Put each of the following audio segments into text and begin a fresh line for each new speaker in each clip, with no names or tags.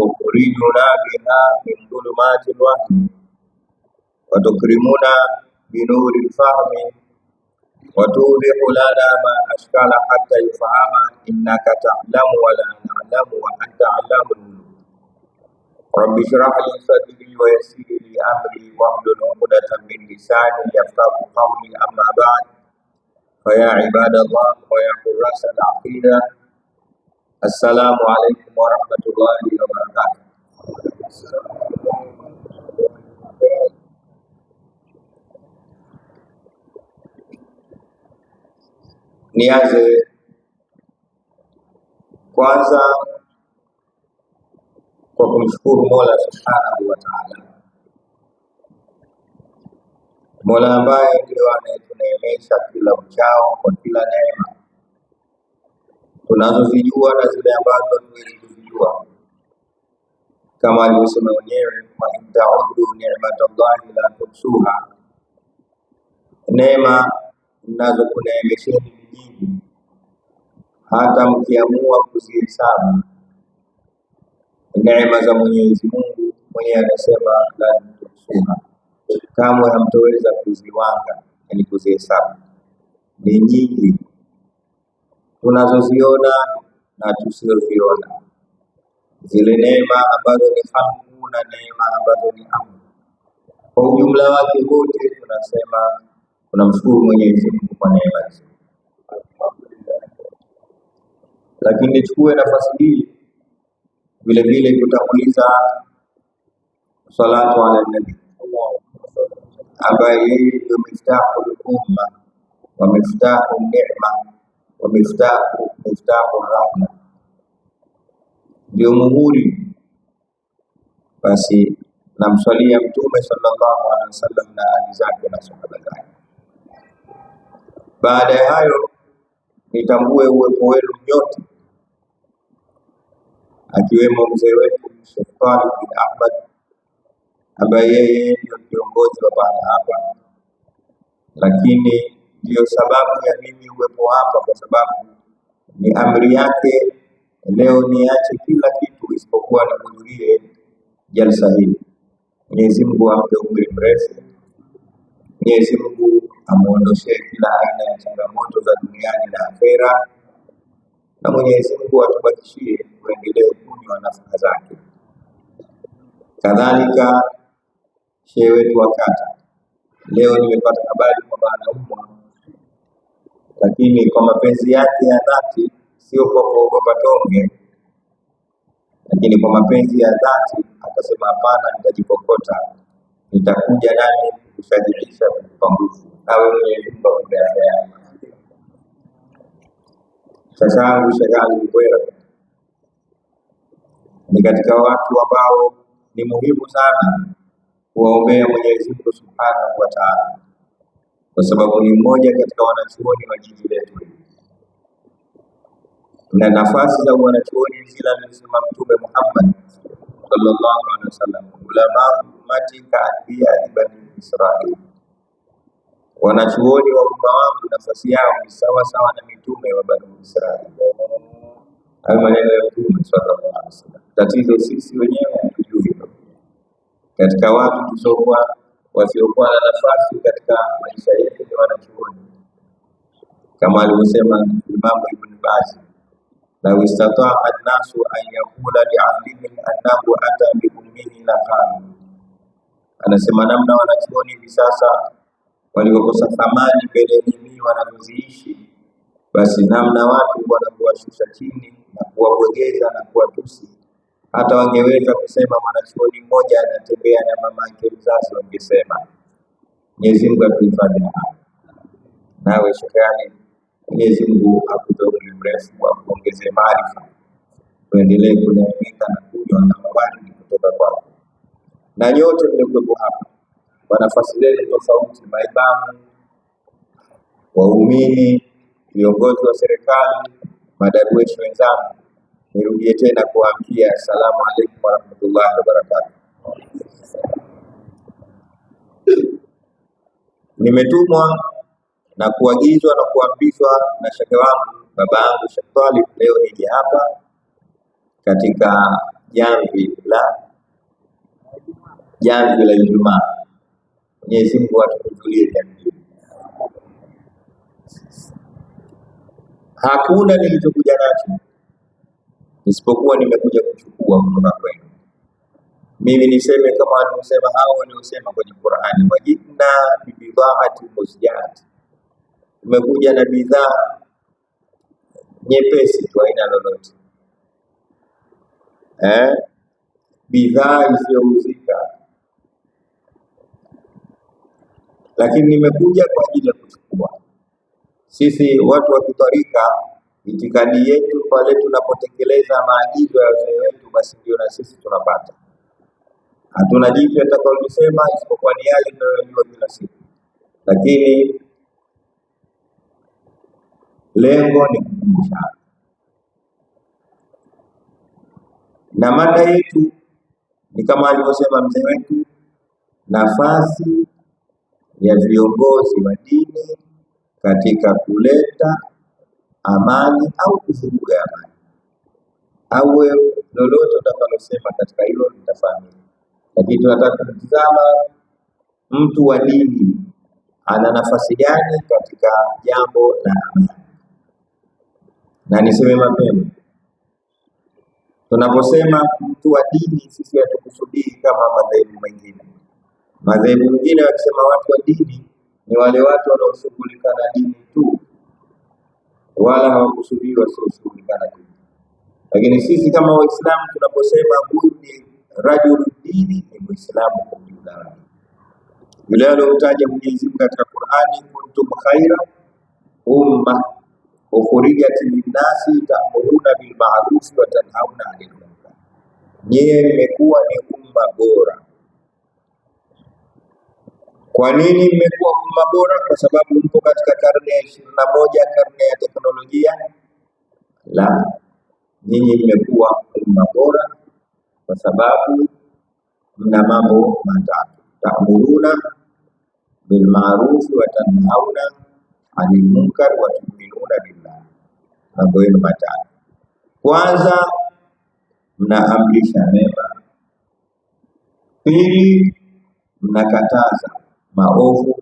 تخرجنا بها من ظلمات الوهم وتكرمنا بنور الفهم وتوضح لنا ما أشكال حتى يفهم إنك تعلم ولا نعلم وأنت علام الغيوب رب اشرح لي صدري ويسر لي أمري واحلل عقدة من لساني يفقه قولي أما بعد فيا عباد الله ويا حراس العقيده Assalamu alaikum warahmatullahi wabarakatuh. Nianze kwanza kwa kumshukuru Mola subhanahu wa taala, Mola ambaye ndio anayetuneemesha kila uchao kwa kila neema unazozijua na zile ambazo huwezi kuzijua, kama alivyosema mwenyewe, wain taudu nimatallahi la tuhsuha, neema mnazokuneemesheni ni nyingi, hata mkiamua kuzihesabu neema za Mwenyezi Mungu mwenyewe anasema la tuhsuha, kamwe hamtoweza kuziwanga, yani kuzihesabu, ni nyingi tunazoziona na tusioziona, zile neema ambazo ni hamu na neema ambazo ni hamu Kwa ujumla wake wote tunasema tunamshukuru Mwenyezi Mungu kwa neema hizo, lakini nichukue nafasi hii vile vile kutanguliza salatu ala nabii ambaye yeye ndio miftahu al wa miftahu neema wa miftahu rahma, ndio muhuri basi namswalia Mtume sallallahu alaihi wasallam na ali zake na sahaba zake. Baada ya hayo, nitambue uwepo wenu nyote, akiwemo mzee wetu Sheikh Talib bin Ahmad ambaye yeye ndio kiongozi wa bana hapa, lakini ndiyo sababu ya mimi uwepo hapa, kwa sababu ni amri yake. Leo niache kila kitu isipokuwa nihudhurie jalsa hili. Mwenyezi Mungu ampe umri mrefu, Mwenyezi Mungu amuondoshee kila aina ya changamoto za duniani na akhera, na Mwenyezi Mungu atubakishie kuendelea kunywa nafaka zake. Kadhalika shehe wetu wa kata, leo nimepata habari kwamba anaumwa lakini kwa mapenzi yake ya dhati, sio kwa kuogopa tonge, lakini kwa mapenzi ya dhati akasema, hapana, nitajikokota, nitakuja nami kushadilisha kwa nguvu, nawe mwenye Sasa angu shagali kwera ni katika watu ambao ni muhimu sana kuwaombea Mwenyezi Mungu Subhanahu wa Ta'ala kwa sababu ni mmoja katika wanachuoni wa jiji letu na nafasi za wanachuoni zile alizosema Mtume Muhammad sallallahu alaihi wasallam, ulama ummati kaathia bani Israil, wanachuoni wa umma wangu nafasi yao ni sawa sawa na mitume wa bani Israil. Hayo maneno ya Mtume sallallahu alaihi wasallam. Tatizo sisi wenyewe hatujui katika watu tusomwa wasiokuwa na nafasi katika maisha yetu ni wanachuoni, kama alivyosema Imamu Ibn Baz, lau istataa annasu an yaqula lialimin annahu ata biummihi laqala. Anasema namna wanachuoni hivi sasa waliokosa thamani mbele ya jamii wanazoishi, basi namna watu wanavyowashusha chini na kuwabogeza na kuwatusi hata wangeweza kusema mwanachuoni mmoja anatembea na yake mzazi, wangesema Mwenyezi Mungu atuhifadhi hapa. Nawe shukrani, Mwenyezi Mungu akupe umri mrefu wa kuongeze maarifa, tuendelee kuneemeka na kunywa na mabariki kutoka kwako. Na nyote mliokuwepo hapa kwa nafasi zenu tofauti, maibamu, waumini, viongozi wa serikali, madarueshi wenzangu Nirudie tena kuambia asalamu alaykum warahmatullahi wabarakatuh. Nimetumwa na kuagizwa na kuambizwa na shehe wangu baba yangu Sheikh Talib, leo nije hapa katika jamvi la jamvi la Ijumaa. Mwenyezi Mungu atukujulie jamvi. Hakuna nilichokuja nacho isipokuwa nimekuja kuchukua kutoka kwenu. Mimi niseme kama walivyosema hao waliosema kwenye Qur'ani, wajidna bibidhaati muzjat, tumekuja na bidhaa nyepesi tu, aina lolote eh, bidhaa isiyouzika, lakini nimekuja kwa ajili ya kuchukua. Sisi watu wa kitarika Itikadi yetu pale tunapotekeleza maagizo ya wazee wetu, basi ndio na sisi tunapata. Hatuna jipya atakalolisema isipokuwa ni yale tunayojua kila siku, lakini lengo ni kukumbushana na mada yetu ni kama alivyosema mzee wetu, nafasi ya viongozi wa dini katika kuleta amani au kuvuruga amani au lolote utakalosema katika hilo litafanyika. Lakini tunataka kutizama mtu wa dini ana nafasi gani katika jambo la amani. Na niseme mapema, tunaposema mtu wa dini, sisi hatukusudii kama madhehebu mengine. Madhehebu mengine wakisema watu wa dini, ni wale watu wanaoshughulika na dini tu wala hawakusudiwi wasioshughulika na dini. Lakini sisi kama Waislamu tunaposema huyu ni rajul dini, ni Muislamu kwa ujumla wake, yule aliyotaja Mwenyezi Mungu katika Qur'ani, kuntum khaira umma ukhrijat linnasi ta'muruna bil ma'ruf wa tanhauna 'anil munkar, nyie mmekuwa ni umma bora kwa nini mmekuwa umma bora? Kwa sababu mpo katika karne ya ishirini na moja, karne ya teknolojia. La, nyinyi mmekuwa umma bora kwa sababu mna mambo matatu: tamuruna bilmaarufu wa tanhauna anil munkar wa tuminuna billah. Mambo yenu matatu, kwanza mnaamrisha mema, pili mnakataza maovu,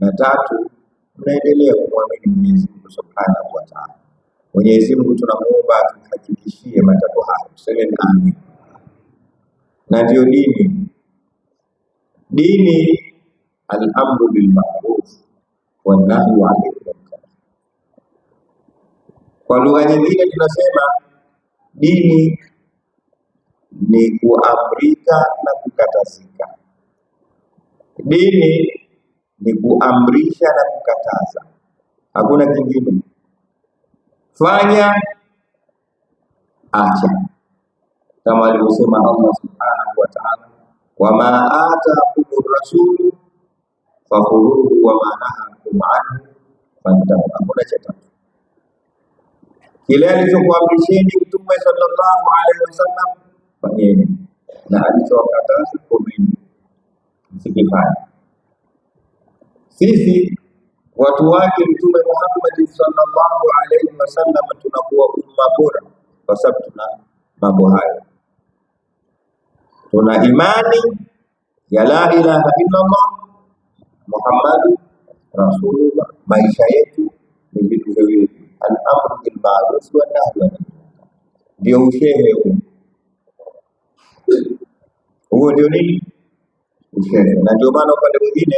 na tatu tunaendelea kumwamini Mwenyezi Mungu Subhanahu wa Ta'ala. Mwenyezi Mungu tunamuomba atuhakikishie matakwa hayo, semeni amin. Na ndio dini, dini al-amru bil ma'ruf wa nahyu 'anil munkar. Kwa lugha nyingine tunasema dini ni kuamrika na kukatazika Dini ni kuamrisha na kukataza, hakuna kingine. Fanya, acha, kama alivyosema Allah subhanahu wa ta'ala, wama ataakum rasulu fakhudhuhu wama nahakum anhu fantahu. Hakuna cha tatu, kile alichokuamrisheni Mtume sallallahu alaihi wasallam fanyeni, na alichowakataza komeni sikifanya. Sisi watu wake Mtume Muhammad sallallahu alaihi wasallam tunakuwa umma bora kwa sababu tuna mambo hayo, tuna imani ya la ilaha illallah Muhammadu rasulullah. Maisha yetu ni vitu viwili, al-amru bil ma'ruf wa nahyi anil munkar, ndio ushehe Huo ndio nini? Na ndio maana upande mwingine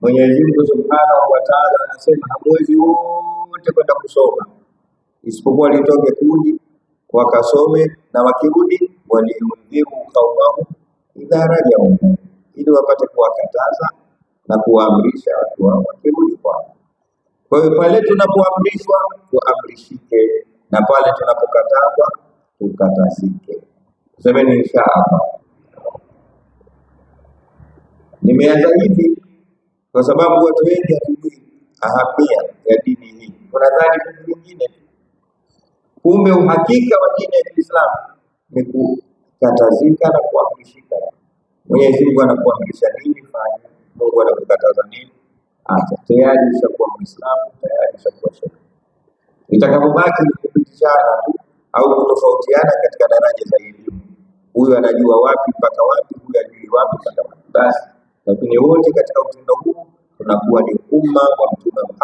Mwenyezi Mungu Subhanahu wa Ta'ala anasema hamwezi wote kwenda kusoma, isipokuwa litoke kundi wakasome, na wakirudi waliudhiru qaumahu idha rajau, ili wapate kuwakataza na kuwaamrisha watu wao wakirudi kwao. Kwa hiyo pale tunapoamrishwa tuamrishike, na pale tunapokatazwa tukatazike. Semeni inshaallah. Nimeanza hivi kwa sababu watu wengi hatujui ahamia ya dini hii, tunadhani kitu kingine. Kumbe uhakika wa dini ya Kiislamu ni kukatazika na kuamrishika. Mwenyezi Mungu anakuamrisha nini fanya, Mungu anakukataza nini acha. Tayari ushakuwa Muislamu, tayari ushakuwa shekhe. Itakapobaki ni kupitishana tu au kutofautiana katika daraja za elimu, huyu anajua wapi mpaka wapi, huyu ajui wapi mpaka wapi, basi lakini wote katika utendo huu tunakuwa ni umma wa Mtume Muhammad